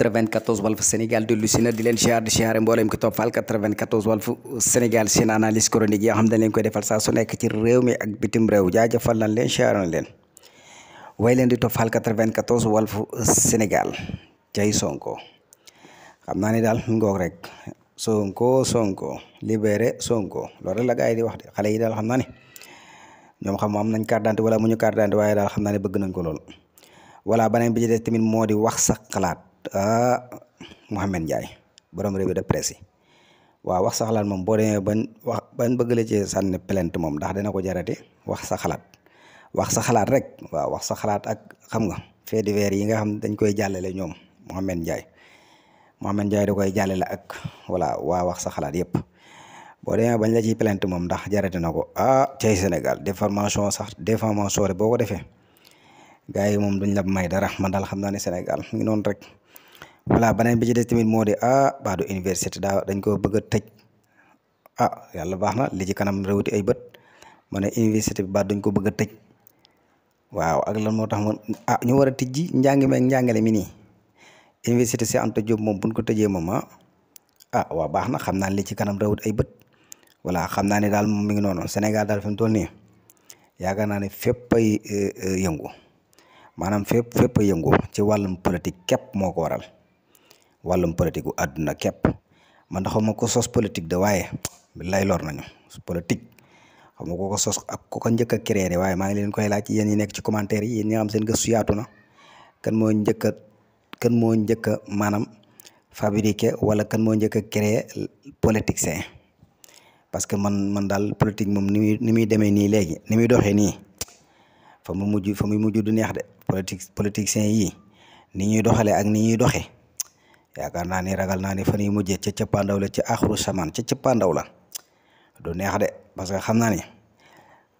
94 Walf Sénégal dellu si na di leen siyaar di siyaare mboolem ki toppal 94 Walf Sénégal seen analyse chronique yoo xam ne leen koy defal saa su nekk ci réew mi ak bitim réew jaajëfal nañ leen siyaar nañ leen way leen di toppal 94 Walf Sénégal jay Sonko xam naa ne daal ngoog rek Sonko Sonko libéré Sonko loolu rek la gaa yi di wax xale yi daal xam naa ne ñoom xam am nañ carte d'identité wala mu ñu carte d'identité waaye daal xam naa ne bëgg nañ ko lool voilà beneen bi ci des tamit moo di wax sax xalaat ah Mouhamed Ndiaye borom revue de presse yi waaw wax sa xalaat moom boo dee ban wax ban bëgg la ci sànni plainte moom ndax dina ko jarate wax sa xalaat wax sa xalaat rek waaw wax sa xalaat ak xam nga faits divers yi nga xam dañ koy jàllale ñoom Mouhamed Ndiaye. Mohamed Ndiaye da koy la ak voilà waa wax sa xalaat yëpp boo demee bañ la ciy plainte moom ndax jarate na ko ah cay Sénégal déformation sax déformation rek boo ko defee gars yi moom duñ la may dara man daal xam naa ne Sénégal noonu rek. voilà beneen bi ci des tamit moo de ah baadu université daa dañ ko bëgg a tëj ah yàlla baax na li ci kanam rewuti ay bët ma ne université bi dañ ko bëgg a tëj waaw ak lan moo tax ma ah ñu war a tijji njàng meeg njàngale mi nii. université Cheikh Anta Diop moom buñ ko tëjee moom ah waaw baax na xam naa li ci kanam rawut ay bët voilà xam naa ne daal moom mi ngi noonu Sénégal daal fi mu toll nii yaakaar naa ne fépp e, e, yëngu maanaam fépp fépp a yëngu ci wàllum politique képp moo ko waral wàllum politique adduna àdduna képp man da xawma ko sos politique de waaye lay lor nañu politique xam nga ko ko sos ak ko njëkk a waaye maa ngi leen koy laaj yéen ñi nekk ci commentaire yi yéen ñi xam seen gëstu yaatu na kan mooy njëkk kan moo njëkk a maanaam fabriqué wala kan moo njëkk a créé politicien parce que man man daal politique moom ni muy ni muy demee nii léegi ni muy doxee nii fa mu mujj fa muy mujj du neex de politique politicien yii ni ñuy doxalee ak ni ñuy doxee yaakaar naa ni ragal naa ni fan yii mujjee ca cappaandaw ci ca axru samaan ca cappaandaw la du neex de parce que xam naa ni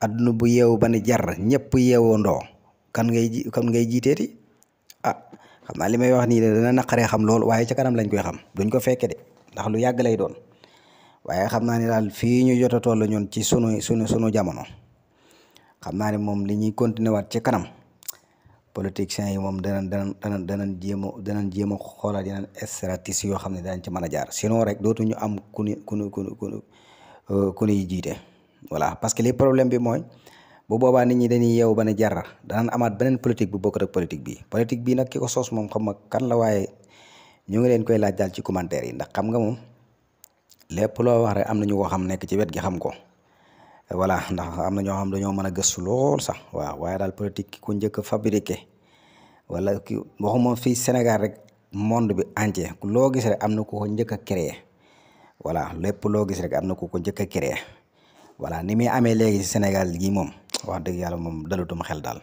adduna bu yeewu ba ni jar ñëpp yeewoo ndoo kan ngay kan jiiteeti ah xam naa li may wax nii de dana naqaree xam lool waaye ca kanam lañ koy xam duñ ko fekke de ndax lu yàgg lay doon waaye xam naa ne daal fii ñu jot a toll ñun ci sunu sunu sunu jamono xam naa ne moom li ñuy continuer waat ci kanam politiciens yi moom danañ danañ danañ jéem a danañ jéem a xoolaat yeneen stratégie yoo xam ne danañ ci mën a jaar sinon rek dootuñu am ku ni ku ni ku ni ku jiite voilà parce que problème bi mooy. bu boobaa nit ñi dañuy yeewu ba ne jar daan amaat beneen politique bu bokk ak politique bi politique bi nag ki ko sos moom xam nga kan la waaye ñu ngi leen koy laaj daal ci commentaire yi ndax xam nga moom lépp loo wax rek am na ñu ko xam nekk ci wet gi xam ko voilà ndax am na ñoo xam dañoo mën a gëstu lool sax waaw waaye daal politique ku njëkk a fabriqué wala ki waxuma fii Sénégal rek monde bi entier loo gis am na ko njëkk a créé voilà lépp loo gis am na ku ko njëkk a créé voilà ni muy amee léegi Sénégal gi moom. wax dëgg yàlla moom dalutuma xel daal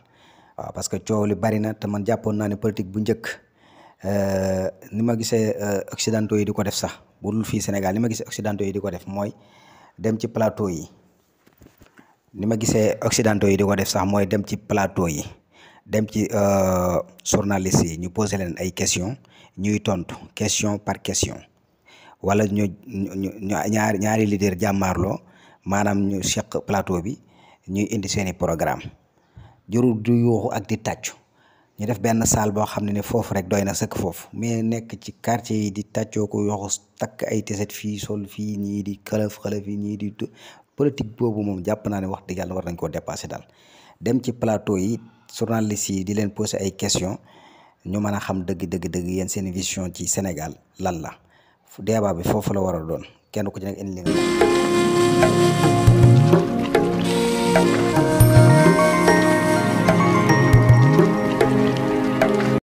waaw parce que coow li bari na te man jàppoon naa ne politique bu njëkk euh, ni ma gisee euh, occidentaux yi di ko def sax bu dul fii Sénégal ni ma gisee occidentaux yi di ko def mooy dem ci plateau yi ni ma gisee occidentaux yi di ko sax mooy dem ci plateau yi dem ci euh, journalistes yi ñu posé leen ay questions ñuy tontu question par question wala ñu ñu ñaari ñaari leader jàmmaarloo maanaam ñu seq plateau bi ñuy indi seeni programme jërul du yuuxu ak di tàccu ñu def benn salle boo xam ne ne foofu rek doy na sëkk foofu mais nekk ci quartier yi di tàccoo ko yoxu takk ay teset fii sol fii ñii di xalaf xalaf yi ñii di politique boobu moom jàpp naa ne wax dëgg yàlla war nañ koo dépassé daal dem ci plateau yi journalistes yi di leen poser ay questions ñu mën a xam dëgg dëgg dëgg yéen seen vision ci Sénégal lan la débat bi foofu la war a doon kenn ku ci nekk indi li